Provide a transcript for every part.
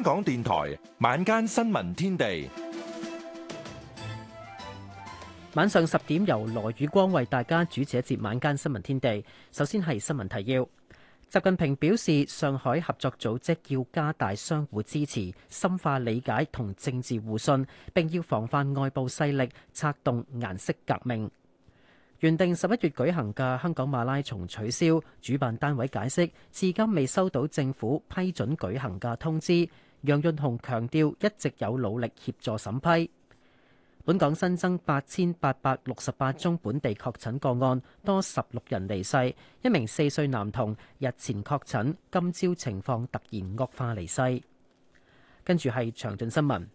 香港電台晚間新聞天地，晚上十點由羅宇光為大家主持一節晚間新聞天地。首先係新聞提要：習近平表示，上海合作組織要加大相互支持、深化理解同政治互信，並要防範外部勢力策動顏色革命。原定十一月舉行嘅香港馬拉松取消，主辦單位解釋至今未收到政府批准舉行嘅通知。楊潤雄強調一直有努力協助審批。本港新增八千八百六十八宗本地確診個案，多十六人離世。一名四歲男童日前確診，今朝情況突然惡化離世。跟住係詳盡新聞。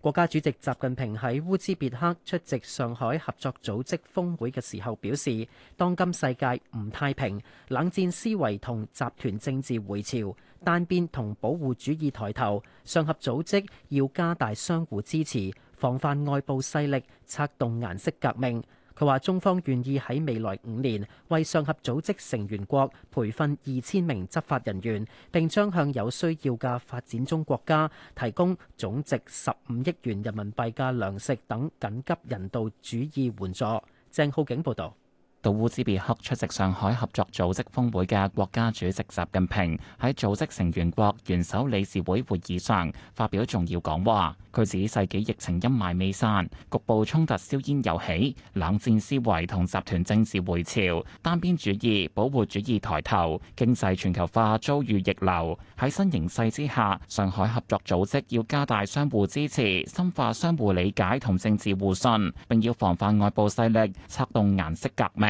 國家主席習近平喺烏茲別克出席上海合作組織峰會嘅時候表示，當今世界唔太平，冷戰思維同集團政治回潮。單邊同保護主義抬頭，上合組織要加大相互支持，防範外部勢力策動顏色革命。佢話：中方願意喺未來五年為上合組織成員國培訓二千名執法人員，並將向有需要嘅發展中國家提供總值十五億元人民幣嘅糧食等緊急人道主義援助。鄭浩景報道。到烏茲別克出席上海合作組織峰會嘅國家主席習近平喺組織成員國元首理事會會議上發表重要講話。佢指世紀疫情陰霾未散，局部衝突硝煙又起，冷戰思維同集團政治回潮，單邊主義、保護主義抬頭，經濟全球化遭遇逆流。喺新形勢之下，上海合作組織要加大相互支持，深化相互理解同政治互信，並要防範外部勢力策動顏色革命。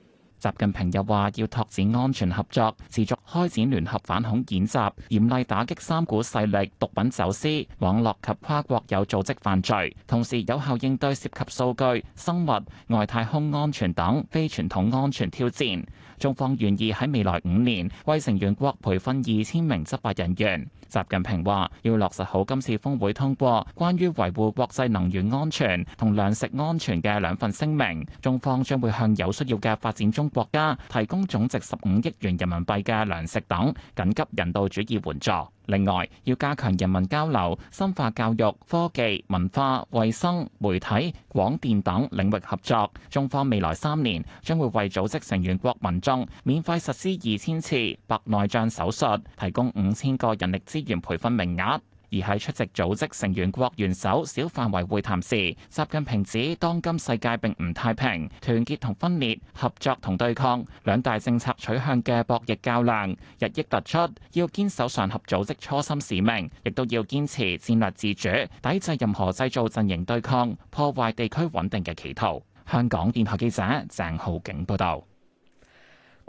習近平又話要拓展安全合作，持續開展聯合反恐演習，嚴厲打擊三股勢力、毒品走私、網絡及跨國有組織犯罪，同時有效應對涉及數據、生物、外太空安全等非傳統安全挑戰。中方願意喺未來五年為成員國培訓二千名執法人員。習近平話：要落實好今次峰會通過關於維護國際能源安全同糧食安全嘅兩份聲明，中方將會向有需要嘅發展中國家提供總值十五億元人民幣嘅糧食等緊急人道主義援助。另外，要加強人民交流，深化教育、科技、文化、衛生、媒體、廣電等領域合作。中方未來三年將會為組織成員國民眾免費實施二千次白內障手術，提供五千個人力資源培訓名額。而喺出席組織成員國元首小範圍會談時，習近平指當今世界並唔太平，團結同分裂、合作同對抗兩大政策取向嘅博弈較量日益突出，要堅守上合組織初心使命，亦都要堅持戰略自主，抵制任何製造陣營對抗、破壞地區穩定嘅企圖。香港電台記者鄭浩景報道。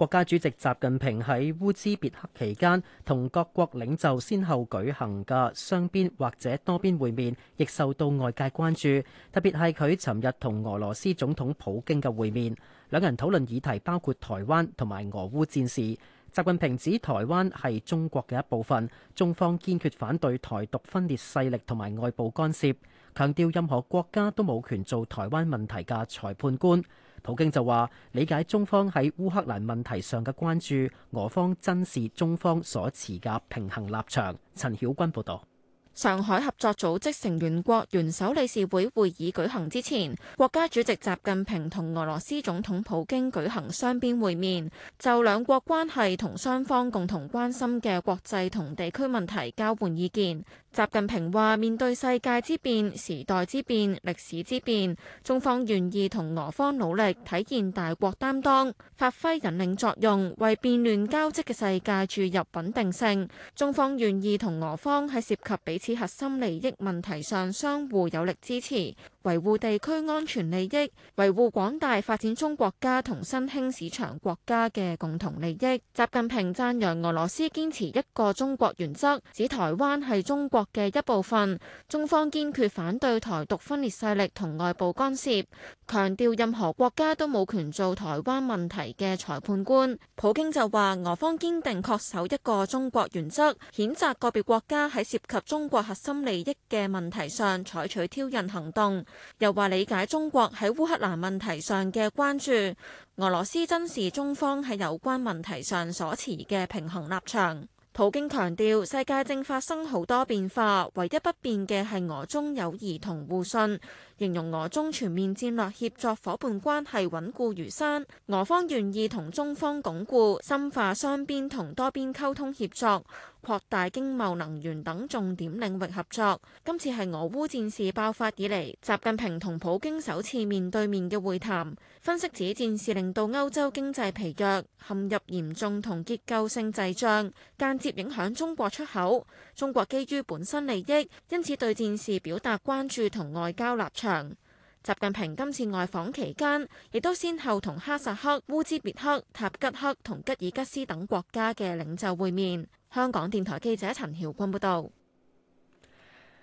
國家主席習近平喺烏茲別克期間，同各國領袖先後舉行嘅雙邊或者多邊會面，亦受到外界關注。特別係佢尋日同俄羅斯總統普京嘅會面，兩人討論議題包括台灣同埋俄烏戰事。習近平指台灣係中國嘅一部分，中方堅決反對台獨分裂勢力同埋外部干涉，強調任何國家都冇權做台灣問題嘅裁判官。普京就話理解中方喺烏克蘭問題上嘅關注，俄方珍視中方所持嘅平衡立場。陳曉君報道，上海合作組織成員國元首理事會會議舉行之前，國家主席習近平同俄羅斯總統普京舉行雙邊會面，就兩國關係同雙方共同關心嘅國際同地區問題交換意見。習近平話：面對世界之變、時代之變、歷史之變，中方願意同俄方努力，體現大國擔當，發揮引領作用，為變亂交織嘅世界注入穩定性。中方願意同俄方喺涉及彼此核心利益問題上相互有力支持。維護地區安全利益，維護廣大發展中國家同新興市場國家嘅共同利益。習近平讚揚俄羅斯堅持一個中國原則，指台灣係中國嘅一部分。中方堅決反對台獨分裂勢力同外部干涉，強調任何國家都冇權做台灣問題嘅裁判官。普京就話，俄方堅定恪守一個中國原則，譴責個別國家喺涉及中國核心利益嘅問題上採取挑釁行動。又話理解中國喺烏克蘭問題上嘅關注，俄羅斯珍視中方喺有關問題上所持嘅平衡立場。普京強調，世界正發生好多變化，唯一不變嘅係俄中友誼同互信，形容俄中全面戰略協作伙伴關係穩固如山。俄方願意同中方鞏固、深化雙邊同多邊溝通協作。擴大經貿、能源等重點領域合作。今次係俄烏戰事爆發以嚟，習近平同普京首次面對面嘅會談。分析指戰事令到歐洲經濟疲弱，陷入嚴重同結構性滯脹，間接影響中國出口。中國基於本身利益，因此對戰事表達關注同外交立場。習近平今次外訪期間，亦都先後同哈薩克、烏茲別克、塔吉克同吉爾吉斯等國家嘅領袖會面。香港電台記者陳曉君報道。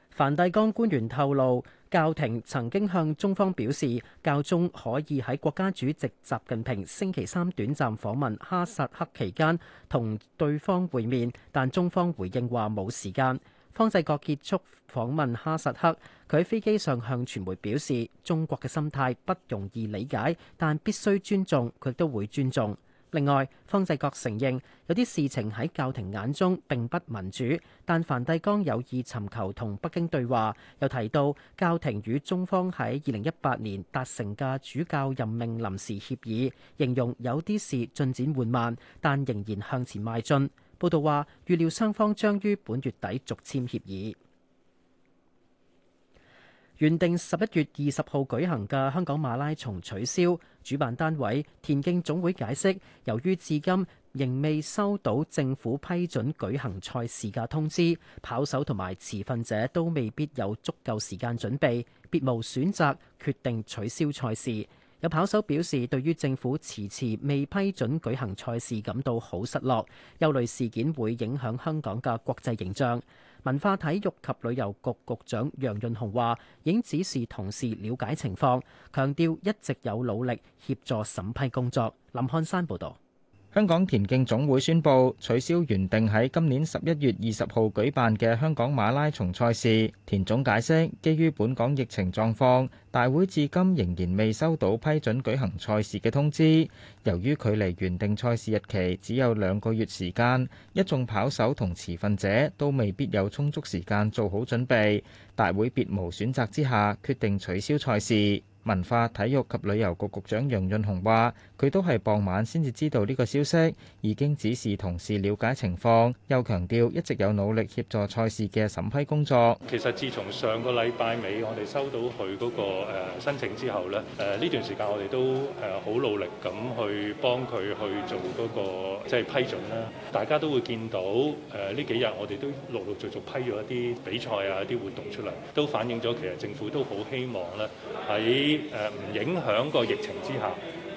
梵蒂岡官員透露，教廷曾經向中方表示，教宗可以喺國家主席習近平星期三短暫訪問哈薩克期間同對方會面，但中方回應話冇時間。方濟各結束訪問哈薩克，佢喺飛機上向傳媒表示，中國嘅心態不容易理解，但必須尊重，佢都會尊重。另外，方濟各承認有啲事情喺教廷眼中並不民主，但梵蒂岡有意尋求同北京對話。又提到教廷與中方喺二零一八年達成嘅主教任命臨時協議，形容有啲事進展緩慢，但仍然向前邁進。報道話預料雙方將於本月底續簽協議。原定十一月二十號舉行嘅香港馬拉松取消，主辦單位田徑總會解釋，由於至今仍未收到政府批准舉行賽事嘅通知，跑手同埋持份者都未必有足夠時間準備，別無選擇，決定取消賽事。有跑手表示，對於政府遲遲未批准舉行賽事感到好失落，憂慮事件會影響香港嘅國際形象。文化體育及旅遊局局長楊潤雄話，已經指示同事了解情況，強調一直有努力協助審批工作。林漢山報導。香港田徑總會宣布取消原定喺今年十一月二十號舉辦嘅香港馬拉松賽事。田總解釋，基於本港疫情狀況，大會至今仍然未收到批准舉行賽事嘅通知。由於距離原定賽事日期只有兩個月時間，一眾跑手同持份者都未必有充足時間做好準備。大會別無選擇之下，決定取消賽事。文化、體育及旅遊局局長楊潤雄話，佢都係傍晚先至知道呢個消息，已經指示同事了解情況，又強調一直有努力協助賽事嘅審批工作。其實自從上個禮拜尾，我哋收到佢嗰個誒申請之後咧，誒呢段時間我哋都誒好努力咁去幫佢去做嗰個即係批准啦。大家都會見到誒呢幾日我哋都陸陸續續批咗一啲比賽啊、一啲活動出嚟，都反映咗其實政府都好希望咧喺啲誒唔影響個疫情之下，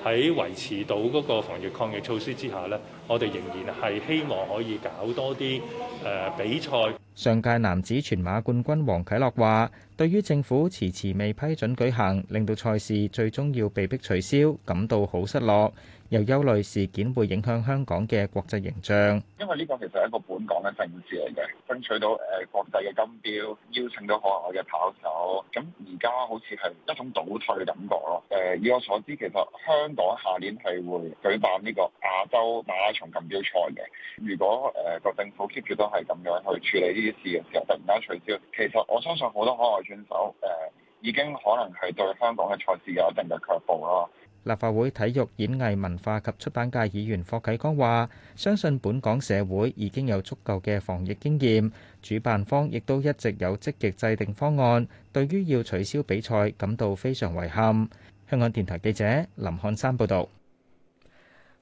喺維持到嗰個防疫抗疫措施之下呢，我哋仍然係希望可以搞多啲誒比賽。上屆男子全馬冠軍黃啟樂話，對於政府遲遲未批准舉行，令到賽事最終要被迫取消，感到好失落，又憂慮事件會影響香港嘅國際形象。因為呢個其實係一個本港嘅政治嚟嘅，爭取到誒國際嘅金標，邀請到海外嘅跑手，咁而家好似係一種倒退嘅感覺咯。誒，以我所知，其實香.香港下年係會舉辦呢個亞洲馬拉松錦標賽嘅。如果誒個政府 keep 住都係咁樣去處理呢啲事嘅時候，突然間取消？其實我相信好多海外選手誒已經可能係對香港嘅賽事有一定嘅卻步咯。立法會體育、演藝文化及出版界議員霍啓剛話，相信本港社會已經有足夠嘅防疫經驗，主辦方亦都一直有積極制定方案。對於要取消比賽感到非常遺憾。香港電台記者林漢山報道，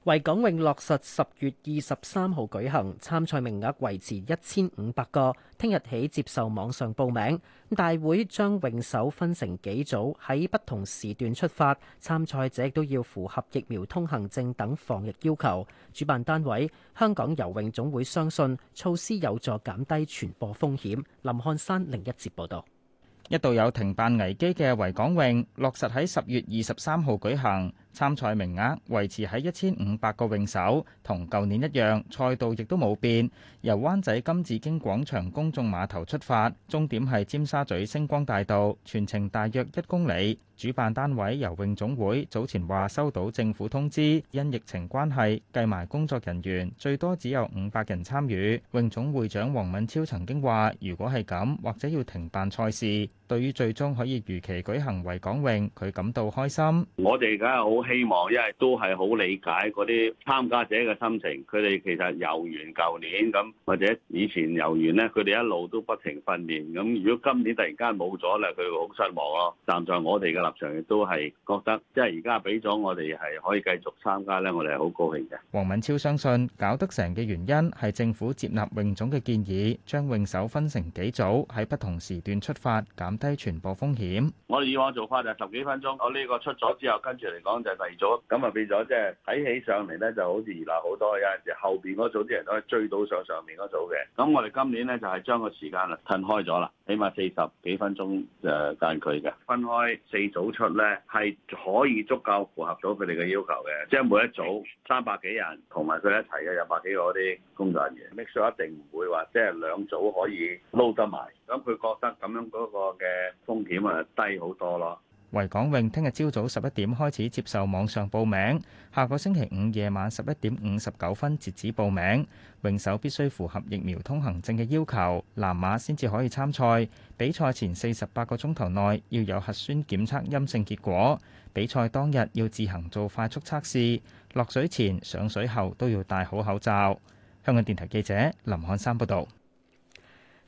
維港泳落實十月二十三號舉行，參賽名額維持一千五百個，聽日起接受網上報名。大會將泳手分成幾組喺不同時段出發，參賽者都要符合疫苗通行證等防疫要求。主辦單位香港游泳總會相信措施有助減低傳播風險。林漢山另一節報道。一度有停辦危機嘅維港泳，落實喺十月二十三號舉行，參賽名額維持喺一千五百個泳手，同舊年一樣。賽道亦都冇變，由灣仔金紫荊廣場公眾碼頭出發，終點係尖沙咀星光大道，全程大約一公里。主辦單位由泳總會早前話收到政府通知，因疫情關係，計埋工作人員最多只有五百人參與。泳總會長黃敏超曾經話，如果係咁，或者要停辦賽事。對於最終可以如期舉行維港泳，佢感到開心。我哋梗係好希望，因為都係好理解嗰啲參加者嘅心情。佢哋其實遊完舊年咁，或者以前遊完呢，佢哋一路都不停訓練。咁如果今年突然間冇咗咧，佢會好失望咯。站在我哋嘅立場，亦都係覺得，即係而家俾咗我哋係可以繼續參加咧，我哋係好高興嘅。黃敏超相信，搞得成嘅原因係政府接納泳總嘅建議，將泳手分成幾組喺不同時段出發，減低傳播風險。我哋以往做法就十幾分鐘，我呢個出咗之後，跟住嚟講就第二組，咁啊變咗即係睇起上嚟咧，就好似熱鬧好多嘅。後邊嗰組啲人都係追到上上面嗰組嘅。咁我哋今年咧就係將個時間啊，褪開咗啦，起碼四十幾分鐘嘅間距嘅。分開四組出咧，係可以足夠符合到佢哋嘅要求嘅。即係每一組三百幾人，同埋佢一齊嘅有百幾個啲工作人員，make sure 一定唔會話即係兩組可以撈得埋。咁佢覺得咁樣嗰個嘅風險啊低好多咯。維港泳聽日朝早十一點開始接受網上報名，下個星期五夜晚十一點五十九分截止報名。泳手必須符合疫苗通行證嘅要求，藍碼先至可以參賽。比賽前四十八個鐘頭內要有核酸檢測陰性結果，比賽當日要自行做快速測試。落水前、上水後都要戴好口罩。香港電台記者林漢山報導。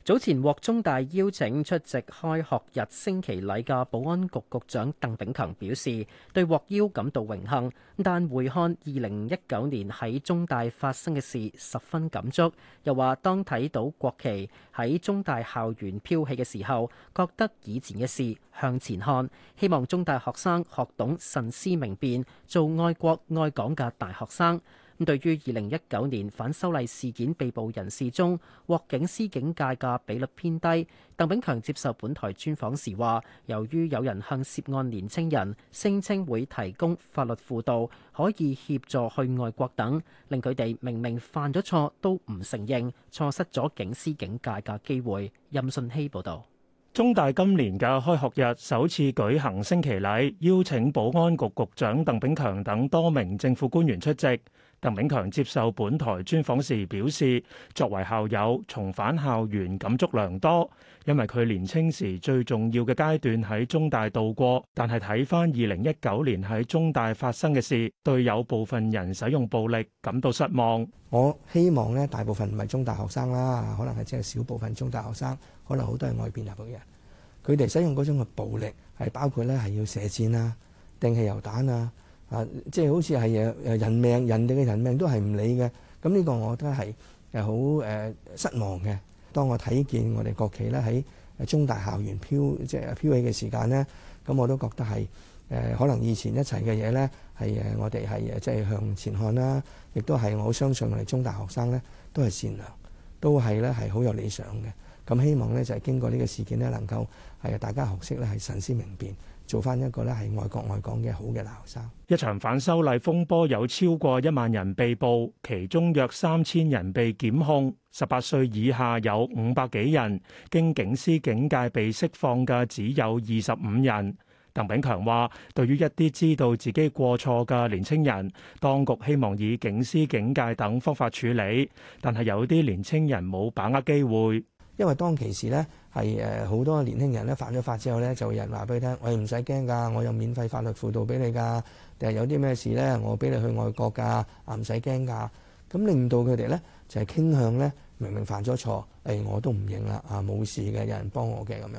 早前獲中大邀請出席開學日升旗禮嘅保安局局長鄧炳強表示，對獲邀感到榮幸，但回看二零一九年喺中大發生嘅事十分感觸。又話當睇到國旗喺中大校園飄起嘅時候，覺得以前嘅事向前看，希望中大學生學懂慎思明辨，做愛國愛港嘅大學生。咁對於二零一九年反修例事件被捕人士中獲警司警戒嘅比率偏低，鄧炳強接受本台專訪時話，由於有人向涉案年青人聲稱會提供法律輔導，可以協助去外國等，令佢哋明明犯咗錯都唔承認，錯失咗警司警戒嘅機會。任信希報導。中大今年嘅開學日首次舉行升旗禮，邀請保安局局長鄧炳強等多名政府官員出席。鄧炳強接受本台專訪時表示，作為校友重返校園感觸良多，因為佢年青時最重要嘅階段喺中大度過。但係睇翻二零一九年喺中大發生嘅事，對有部分人使用暴力感到失望。我希望咧，大部分唔係中大學生啦，可能係即係少部分中大學生，可能好多係外邊嗰啲人，佢哋使用嗰種嘅暴力，係包括咧係要射箭啊、掟汽油彈啊。啊！即係好似係誒誒人命，人哋嘅人命都係唔理嘅。咁呢個我覺得係誒好誒失望嘅。當我睇見我哋國旗咧喺中大校園飄即係、就是、飄起嘅時間咧，咁我都覺得係誒可能以前一齊嘅嘢咧，係誒我哋係誒即係向前看啦。亦都係我相信我哋中大學生咧都係善良，都係咧係好有理想嘅。咁希望咧就係、是、經過呢個事件咧，能夠係大家學識咧係慎思明辨。做翻一個咧係外國外港嘅好嘅大學生。一場反修例風波，有超過一萬人被捕，其中約三千人被檢控。十八歲以下有五百幾人，經警司警戒被釋放嘅只有二十五人。鄧炳強話：對於一啲知道自己過錯嘅年青人，當局希望以警司警戒等方法處理，但係有啲年青人冇把握機會，因為當其時呢。係誒好多年輕人咧犯咗法之後咧，就有人話俾你聽，喂唔使驚㗎，我有免費法律輔導俾你㗎，定係有啲咩事咧，我俾你去外國㗎，啊唔使驚㗎，咁令到佢哋咧就係、是、傾向咧，明明犯咗錯，誒、哎、我都唔認啦，啊冇事嘅，有人幫我嘅咁樣。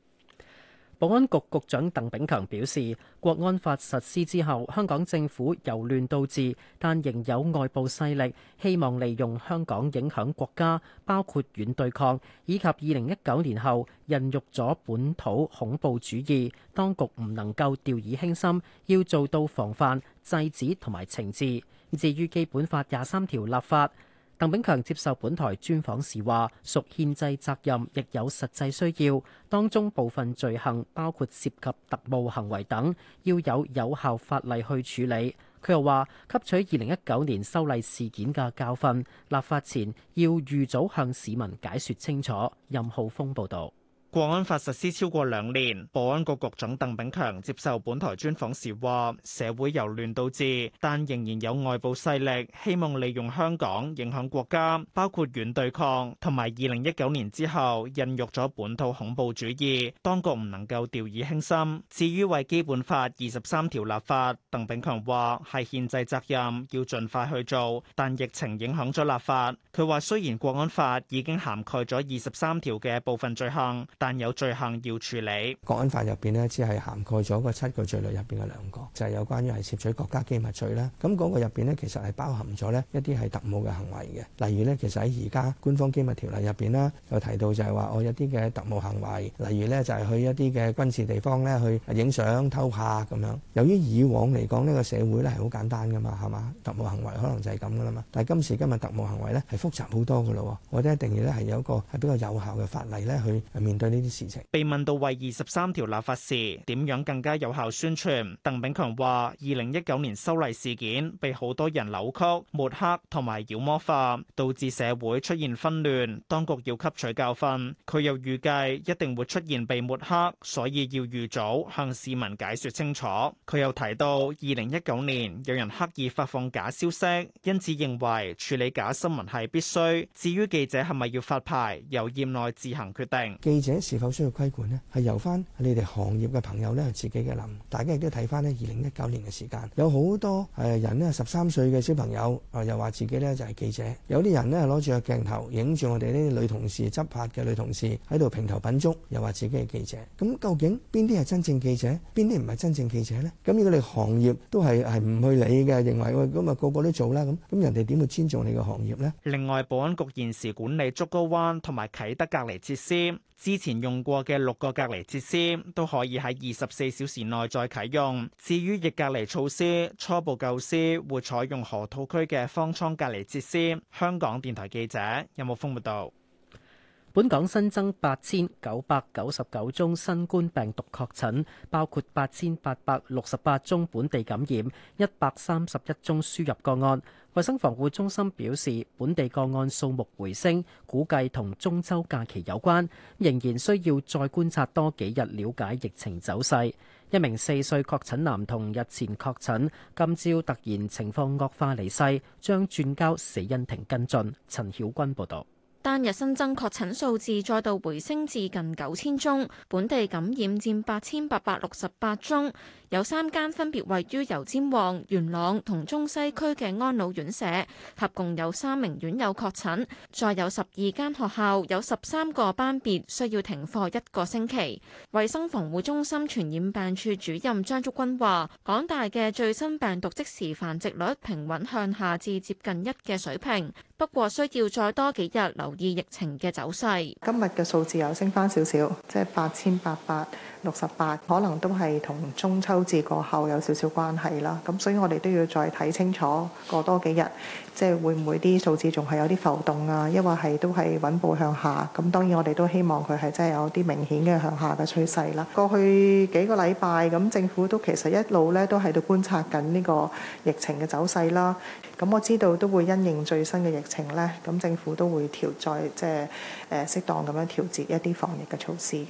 保安局局長鄧炳強表示，國安法實施之後，香港政府由亂到治，但仍有外部勢力希望利用香港影響國家，包括軟對抗以及二零一九年後孕育咗本土恐怖主義。當局唔能夠掉以輕心，要做到防範、制止同埋懲治。至於基本法廿三條立法。鄧炳強接受本台專訪時話：屬憲制責任，亦有實際需要。當中部分罪行包括涉及特務行為等，要有有效法例去處理。佢又話：吸取二零一九年修例事件嘅教訓，立法前要預早向市民解說清楚。任浩峰報道。國安法實施超過兩年，保安局局長鄧炳強接受本台專訪時話：社會由亂到治，但仍然有外部勢力希望利用香港影響國家，包括軟對抗同埋二零一九年之後孕育咗本土恐怖主義。當局唔能夠掉以輕心。至於為《基本法》二十三條立法，鄧炳強話係憲制責任，要盡快去做，但疫情影響咗立法。佢話雖然國安法已經涵蓋咗二十三條嘅部分罪行。但有罪行要處理。國安法入邊咧，只係涵蓋咗個七個罪類入邊嘅兩個，就係有關於係攝取國家機密罪啦。咁嗰個入邊咧，其實係包含咗咧一啲係特務嘅行為嘅。例如咧，其實喺而家官方機密條例入邊啦，有提到就係話，我有啲嘅特務行為，例如咧就係去一啲嘅軍事地方咧去影相偷拍咁樣。由於以往嚟講呢個社會咧係好簡單噶嘛，係嘛？特務行為可能就係咁噶啦嘛。但係今時今日特務行為咧係複雜好多噶咯。我哋一定要咧係有個係比較有效嘅法例咧去面對。呢啲被問到為二十三條立法時點樣更加有效宣傳，鄧炳強話：二零一九年修例事件被好多人扭曲、抹黑同埋妖魔化，導致社會出現紛亂，當局要吸取教訓。佢又預計一定會出現被抹黑，所以要預早向市民解説清楚。佢又提到，二零一九年有人刻意發放假消息，因此認為處理假新聞係必須。至於記者係咪要發牌，由業內自行決定。記者。是否需要規管呢？係由翻你哋行業嘅朋友咧自己嘅諗。大家亦都睇翻呢二零一九年嘅時間有好多誒人呢，十三歲嘅小朋友，又話自己呢，就係記者。有啲人呢，攞住個鏡頭影住我哋呢啲女同事執拍嘅女同事喺度評頭品足，又話自己係記者。咁究竟邊啲係真正記者，邊啲唔係真正記者呢？咁如果你行業都係係唔去理嘅，認為喂，咁啊個個都做啦，咁咁人哋點會尊重你個行業呢？另外，保安局現時管理竹篙灣同埋啟德隔離設施之前。用過嘅六個隔離設施都可以喺二十四小時內再啟用。至於逆隔離措施初步構思，會採用河套區嘅方艙隔離設施。香港電台記者任武峯報道。有本港新增八千九百九十九宗新冠病毒確診，包括八千八百六十八宗本地感染、一百三十一宗輸入個案。衛生防護中心表示，本地個案數目回升，估計同中秋假期有關，仍然需要再觀察多幾日，了解疫情走勢。一名四歲確診男童日前確診，今朝突然情況惡化離世，將轉交死因庭跟進。陳曉君報道。單日新增確診數字再度回升至近九千宗，本地感染佔八千八百六十八宗。有三間分別位於油尖旺、元朗同中西區嘅安老院舍，合共有三名院友確診。再有十二間學校，有十三個班別需要停課一個星期。衛生防護中心傳染病處主任張竹君話，港大嘅最新病毒即時繁殖率平穩向下至接近一嘅水平，不過需要再多幾日留留意疫情嘅走勢，今日嘅數字又升翻少少，即係八千八百六十八，可能都係同中秋節過後有少少關係啦。咁所以我哋都要再睇清楚，過多幾日即係會唔會啲數字仲係有啲浮動啊？抑或係都係穩步向下。咁當然我哋都希望佢係真係有啲明顯嘅向下嘅趨勢啦。過去幾個禮拜咁，政府都其實一路咧都喺度觀察緊呢個疫情嘅走勢啦。咁我知道都會因應最新嘅疫情咧，咁政府都會調再，即係誒、呃、適當咁樣調節一啲防疫嘅措施嘅。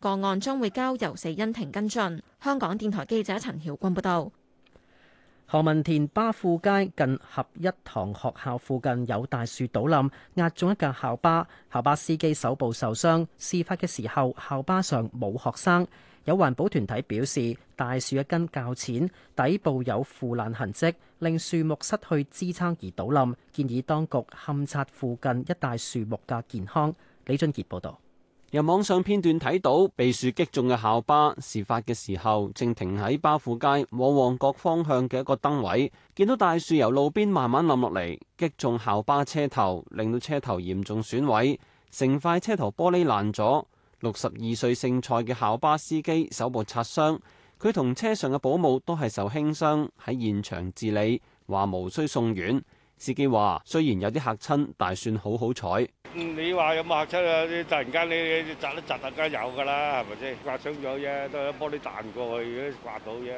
個案將會交由死因庭跟進。香港電台記者陳曉君報道：何文田巴富街近合一堂學校附近有大樹倒冧，壓中一架校巴，校巴司機手部受傷。事發嘅時候校巴上冇學生。有環保團體表示，大樹嘅根較淺，底部有腐爛痕跡，令樹木失去支撐而倒冧，建議當局勘察附近一帶樹木嘅健康。李俊杰報道。由網上片段睇到，被樹擊中嘅校巴，事發嘅時候正停喺巴富街往旺角方向嘅一個燈位，見到大樹由路邊慢慢冧落嚟，擊中校巴車頭，令到車頭嚴重損毀，成塊車頭玻璃爛咗。六十二歲姓蔡嘅校巴司機手部擦傷，佢同車上嘅保姆都係受輕傷，喺現場治理，話無需送院。司機話：雖然有啲嚇親，但係算好好彩。你話有冇嚇親啊？啲突然間你你砸都砸，大家有噶啦，係咪先？刮傷咗啫，都玻璃彈唔過去，啲刮到啫。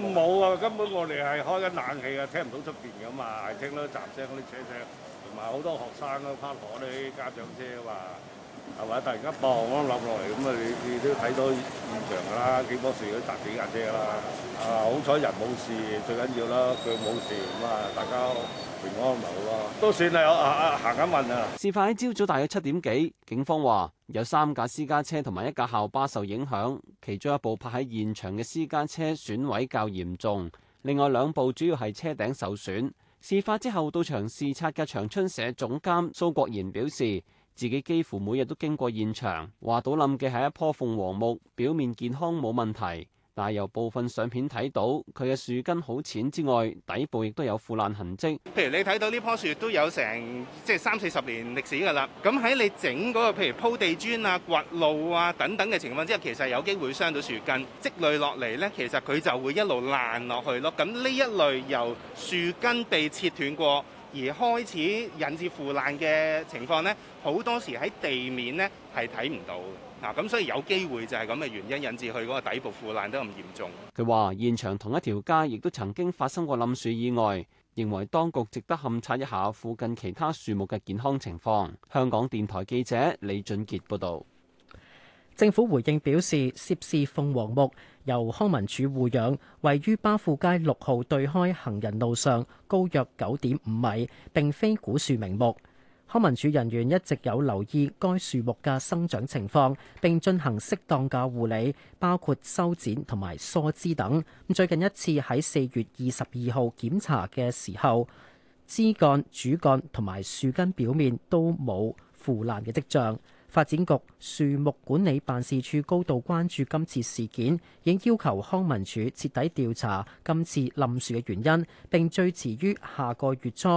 冇啊，根本我哋係開緊冷氣啊，聽唔到出邊噶嘛，係聽到砸聲嗰啲車聲，同埋好多學生都趴落啲家長車啊嘛，係咪？突然間嘣咁笠落嚟，咁啊你你都睇到現場噶啦，幾樖樹都砸幾架車啦。啊，好彩人冇事，最緊要啦，腳冇事咁啊，大家。平安冇咯，都算啦。我啊啊行緊問啊。事發喺朝早大約七點幾，警方話有三架私家車同埋一架校巴受影響，其中一部泊喺現場嘅私家車損毀較嚴重，另外兩部主要係車頂受損。事發之後到場視察嘅長春社總監蘇國賢表示，自己幾乎每日都經過現場，話倒冧嘅係一棵鳳凰木，表面健康冇問題。但由部分相片睇到，佢嘅樹根好淺之外，底部亦都有腐爛痕跡。譬如你睇到呢棵樹都有成即係三四十年歷史㗎啦，咁喺你整嗰個譬如鋪地磚啊、掘路啊等等嘅情況之下，其實有機會傷到樹根，積累落嚟呢，其實佢就會一路爛落去咯。咁呢一類由樹根被切斷過而開始引致腐爛嘅情況呢，好多時喺地面呢係睇唔到。嗱，咁、啊、所以有機會就係咁嘅原因引致佢嗰個底部腐爛得咁嚴重。佢話現場同一條街亦都曾經發生過冧樹意外，認為當局值得勘察一下附近其他樹木嘅健康情況，香港電台記者李俊杰報道。政府回應表示，涉事鳳凰木由康文署護養，位於巴富街六號對開行人路上，高約九點五米，並非古樹名木。康文署人員一直有留意該樹木嘅生長情況，並進行適當嘅護理，包括修剪同埋疏枝等。最近一次喺四月二十二號檢查嘅時候，枝幹、主幹同埋樹根表面都冇腐爛嘅跡象。發展局樹木管理辦事處高度關注今次事件，已經要求康文署徹底調查今次冧樹嘅原因，並最遲於下個月初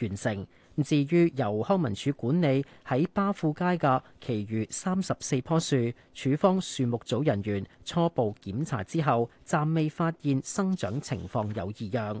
完成。至於由康文署管理喺巴富街嘅其餘三十四棵樹，署方樹木組人員初步檢查之後，暫未發現生長情況有異樣。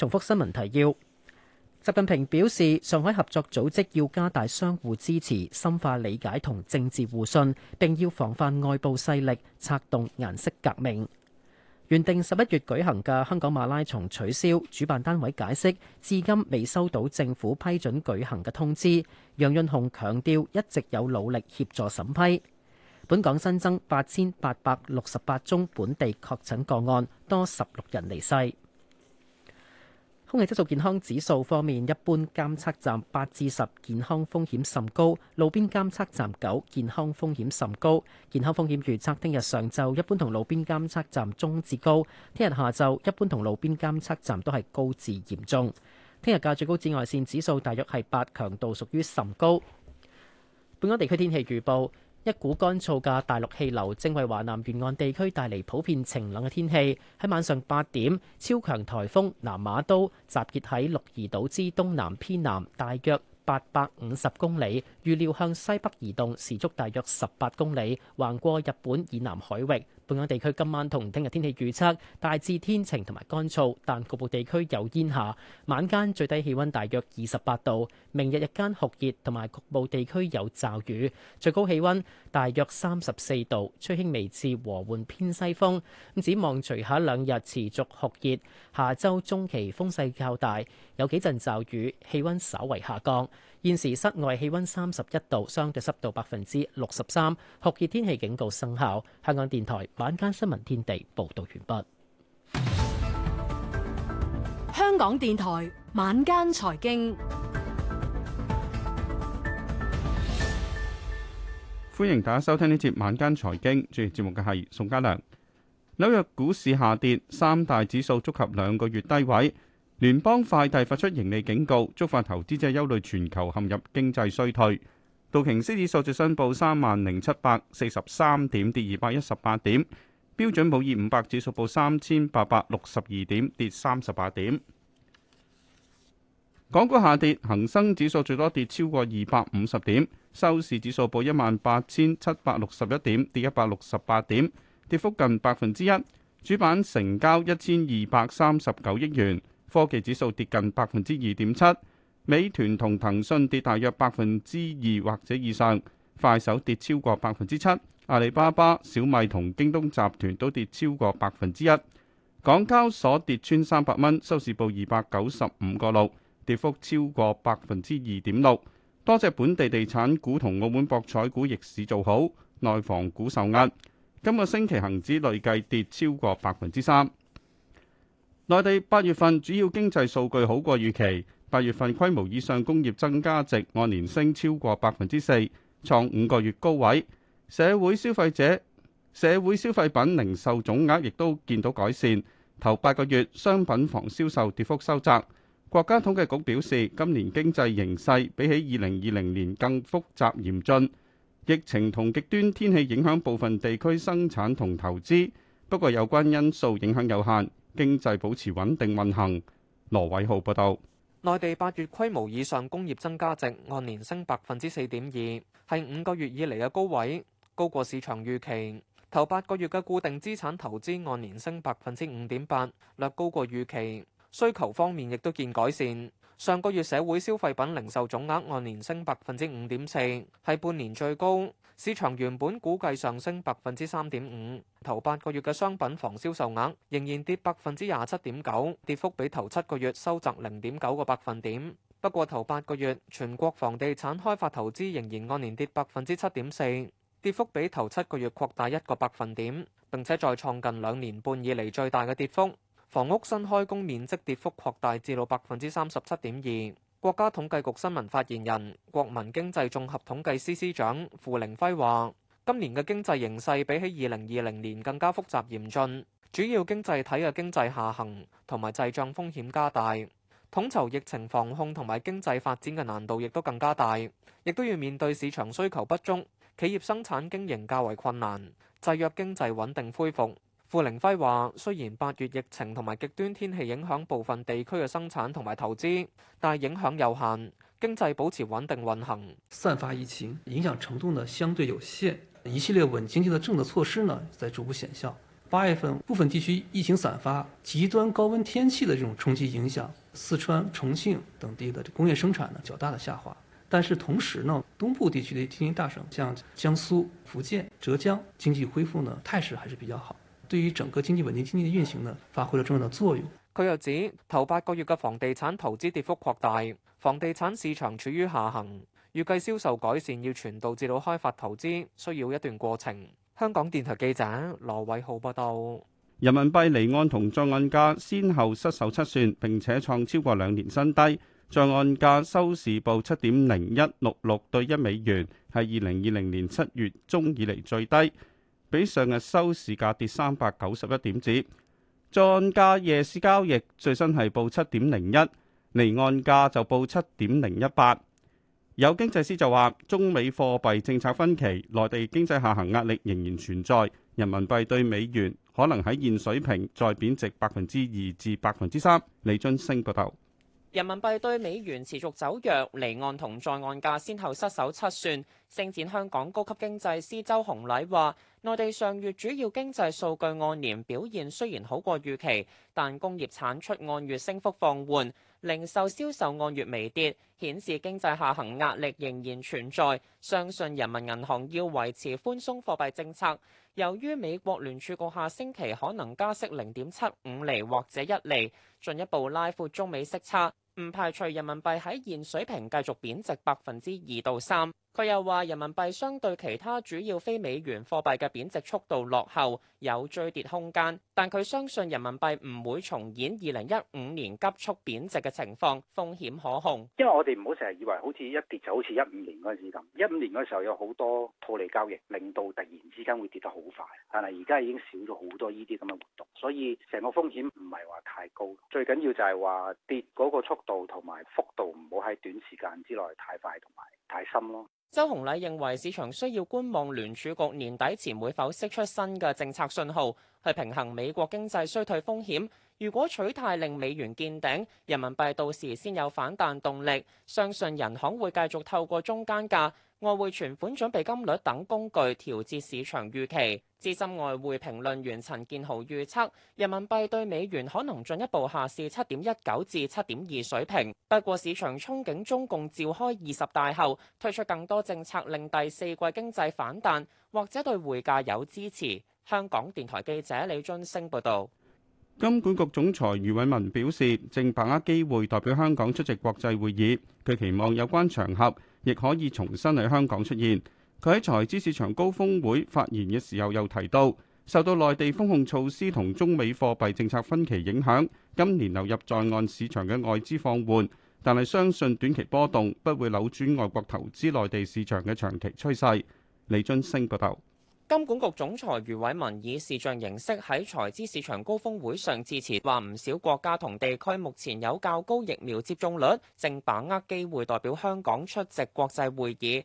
重複新聞提要。習近平表示，上海合作組織要加大相互支持、深化理解同政治互信，並要防範外部勢力策動顏色革命。原定十一月舉行嘅香港馬拉松取消，主辦單位解釋至今未收到政府批准舉行嘅通知。楊潤雄強調一直有努力協助審批。本港新增八千八百六十八宗本地確診個案，多十六人離世。空氣質素健康指數方面，一般監測站八至十，健康風險甚高；路邊監測站九，健康風險甚高。健康風險預測：聽日上晝一般同路邊監測站中至高，聽日下晝一般同路邊監測站都係高至嚴重。聽日嘅最高紫外線指數大約係八，強度屬於甚高。本港地區天氣預報。一股乾燥嘅大陸氣流正為華南沿岸地區帶嚟普遍晴朗嘅天氣。喺晚上八點，超強颱風南馬都集結喺鹿兒島之東南偏南，大約八百五十公里，預料向西北移動時速大約十八公里，橫過日本以南海域。本港地區今晚同聽日天氣預測大致天晴同埋乾燥，但局部地區有煙霞。晚間最低氣溫大約二十八度。明日日間酷熱，同埋局部地區有驟雨，最高氣溫大約三十四度，吹輕微至和緩偏西風。咁展望，隨下兩日持續酷熱，下周中期風勢較大，有幾陣驟雨，氣溫稍為下降。現時室外氣溫三十一度，相對濕度百分之六十三，酷熱天氣警告生效。香港電台晚間新聞天地報道完畢。香港電台晚間財經，歡迎大家收聽呢節晚間財經。主持節目嘅係宋家良。紐約股市下跌，三大指數觸及兩個月低位。聯邦快遞發出盈利警告，觸發投資者憂慮，全球陷入經濟衰退。道瓊斯指數最新報三萬零七百四十三點，跌二百一十八點。標準普爾五百指數報三千八百六十二點，跌三十八點。港股下跌，恒生指數最多跌超過二百五十點，收市指數報一萬八千七百六十一點，跌一百六十八點，跌幅近百分之一。主板成交一千二百三十九億元。科技指數跌近百分之二點七，美團同騰訊跌大約百分之二或者以上，快手跌超過百分之七，阿里巴巴、小米同京東集團都跌超過百分之一。港交所跌穿三百蚊，收市報二百九十五個六，跌幅超過百分之二點六。多隻本地地產股同澳門博彩股逆市做好，內房股受壓。今個星期恒指累計跌超過百分之三。內地八月份主要經濟數據好過預期，八月份規模以上工業增加值按年升超過百分之四，創五個月高位。社會消費者社會消費品零售總額亦都見到改善。頭八個月商品房銷售跌幅收窄。國家統計局表示，今年經濟形勢比起二零二零年更複雜嚴峻，疫情同極端天氣影響部分地區生產同投資，不過有關因素影響有限。經濟保持穩定運行。羅偉浩報道，內地八月規模以上工業增加值按年升百分之四點二，係五個月以嚟嘅高位，高過市場預期。頭八個月嘅固定資產投資按年升百分之五點八，略高過預期。需求方面亦都見改善。上個月社會消費品零售總額按年升百分之五點四，係半年最高。市場原本估計上升百分之三點五，頭八個月嘅商品房銷售額仍然跌百分之廿七點九，跌幅比頭七個月收窄零點九個百分點。不過頭八個月全國房地產開發投資仍然按年跌百分之七點四，跌幅比頭七個月擴大一個百分點，並且再創近兩年半以嚟最大嘅跌幅。房屋新開工面積跌幅擴大至到百分之三十七點二。國家統計局新聞發言人、國民經濟綜合統計司司長傅凌輝話：今年嘅經濟形勢比起二零二零年更加複雜嚴峻，主要經濟體嘅經濟下行同埋滯脹風險加大，統籌疫情防控同埋經濟發展嘅難度亦都更加大，亦都要面對市場需求不足、企業生產經營較為困難、制約經濟穩定恢復。傅凌輝話，雖然八月疫情同埋極端天氣影響部分地區嘅生產同埋投資，但係影響有限，經濟保持穩定運行。散發疫情影響程度呢，相對有限。一系列穩經濟的政策措施呢，在逐步顯效。八月份部分地區疫情散發，極端高溫天氣的這種衝擊影響四川、重慶等地的工業生產呢，較大的下滑。但是同時呢，東部地區的經濟大省，像江蘇、福建、浙江，經濟恢復呢，態勢還是比較好。對於整個經濟穩定、經濟的運行呢，發揮了重要的作用。佢又指，頭八個月嘅房地產投資跌幅擴大，房地產市場處於下行。預計銷售改善要傳導至到開發投資，需要一段過程。香港電台記者羅偉浩報道：人民幣離岸同在岸價先後失守七算，並且創超過兩年新低。在岸價收市報七點零一六六兌一美元，係二零二零年七月中以嚟最低。比上日收市價跌三百九十一點子，在岸價夜市交易最新係報七點零一，離岸價就報七點零一八。有經濟師就話，中美貨幣政策分歧，內地經濟下行壓力仍然存在，人民幣對美元可能喺現水平再貶值百分之二至百分之三。李津升報道。人民幣對美元持續走弱，離岸同在岸價先後失守七算。星展香港高級經濟師周紅禮話，內地上月主要經濟數據按年表現雖然好過預期，但工業產出按月升幅放緩，零售銷售按月微跌，顯示經濟下行壓力仍然存在。相信人民銀行要維持寬鬆貨幣政策。由於美國聯儲局下星期可能加息零點七五釐或者一厘，進一步拉闊中美息差，唔排除人民幣喺現水平繼續貶值百分之二到三。佢又話：人民幣相對其他主要非美元貨幣嘅貶值速度落後，有追跌空間。但佢相信人民幣唔會重演二零一五年急速貶值嘅情況，風險可控。因為我哋唔好成日以為好似一跌就好似一五年嗰陣時咁，一五年嗰時候有好多套利交易，令到突然之間會跌得好快。但係而家已經少咗好多呢啲咁嘅活動，所以成個風險唔係話太高。最緊要就係話跌嗰個速度同埋幅度唔好喺短時間之內太快同埋太深咯。周洪禮認為市場需要觀望聯儲局年底前會否釋出新嘅政策信號，去平衡美國經濟衰退風險。如果取態令美元見頂，人民幣到時先有反彈動力，相信人行會繼續透過中間價。外匯存款準備金率等工具調節市場預期。資深外匯評論員陳建豪預測，人民幣對美元可能進一步下試七點一九至七點二水平。不過市場憧憬中共召開二十大後推出更多政策，令第四季經濟反彈，或者對匯價有支持。香港電台記者李津星報道，金管局總裁余偉文表示，正把握機會代表香港出席國際會議。佢期望有關場合，亦可以重新喺香港出現，佢喺財資市場高峰會發言嘅時候，又提到受到內地封控措施同中美貨幣政策分歧影響，今年流入在岸市場嘅外資放緩，但係相信短期波動不會扭轉外國投資內地市場嘅長期趨勢。李津升報道。金管局總裁余偉文以視像形式喺財資市場高峰會上致辭，話唔少國家同地區目前有較高疫苗接種率，正把握機會代表香港出席國際會議。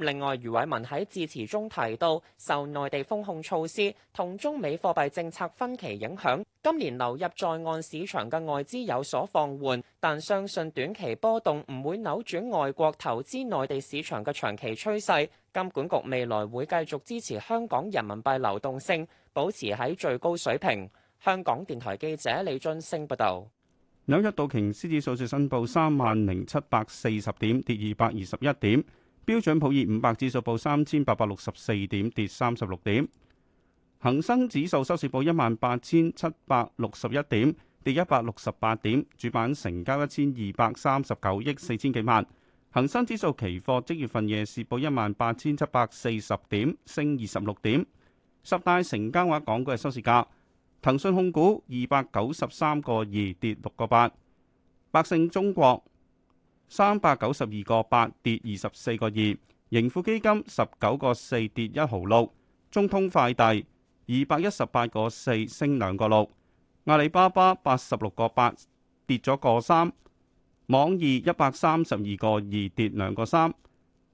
另外，余偉文喺致辭中提到，受內地封控措施同中美貨幣政策分歧影響，今年流入在岸市場嘅外資有所放緩，但相信短期波動唔會扭轉外國投資內地市場嘅長期趨勢。金管局未來會繼續支持香港人民幣流動性保持喺最高水平。香港電台記者李津升報道。紐約道瓊斯指數嘅新報三萬零七百四十點，跌二百二十一點。標準普爾五百指數報三千八百六十四點，跌三十六點。恒生指數收市報一萬八千七百六十一點，跌一百六十八點。主板成交一千二百三十九億四千幾萬。恒生指數期貨即月份夜市報一萬八千七百四十點，升二十六點。十大成交話講嘅係收市價。騰訊控股二百九十三個二，跌六個八。百勝中國。三百九十二個八跌二十四個二，盈富基金十九個四跌一毫六，中通快遞二百一十八個四升兩個六，阿里巴巴八十六個八跌咗個三，網易一百三十二個二跌兩個三，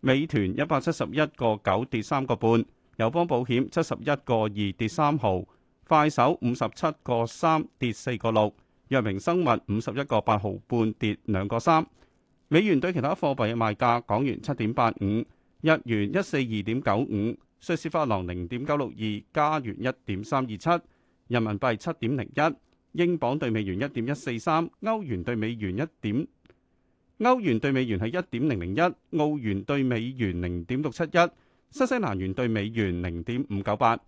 美團一百七十一個九跌三個半，友邦保險七十一個二跌三毫，快手五十七個三跌四個六，藥明生物五十一個八毫半跌兩個三。美元對其他貨幣嘅賣價：港元七點八五，日元一四二點九五，瑞士法郎零點九六二，加元一點三二七，人民幣七點零一，英鎊對美元一點一四三，歐元對美元一點，歐元對美元係一點零零一，澳元對美元零點六七一，新西蘭元對美元零點五九八。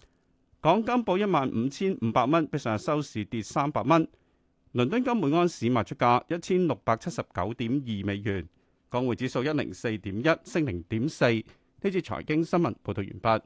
港金報一萬五千五百蚊，比上日收市跌三百蚊。倫敦金每盎司賣出價一千六百七十九點二美元，港匯指數一零四點一，升零點四。呢次財經新聞報道完畢。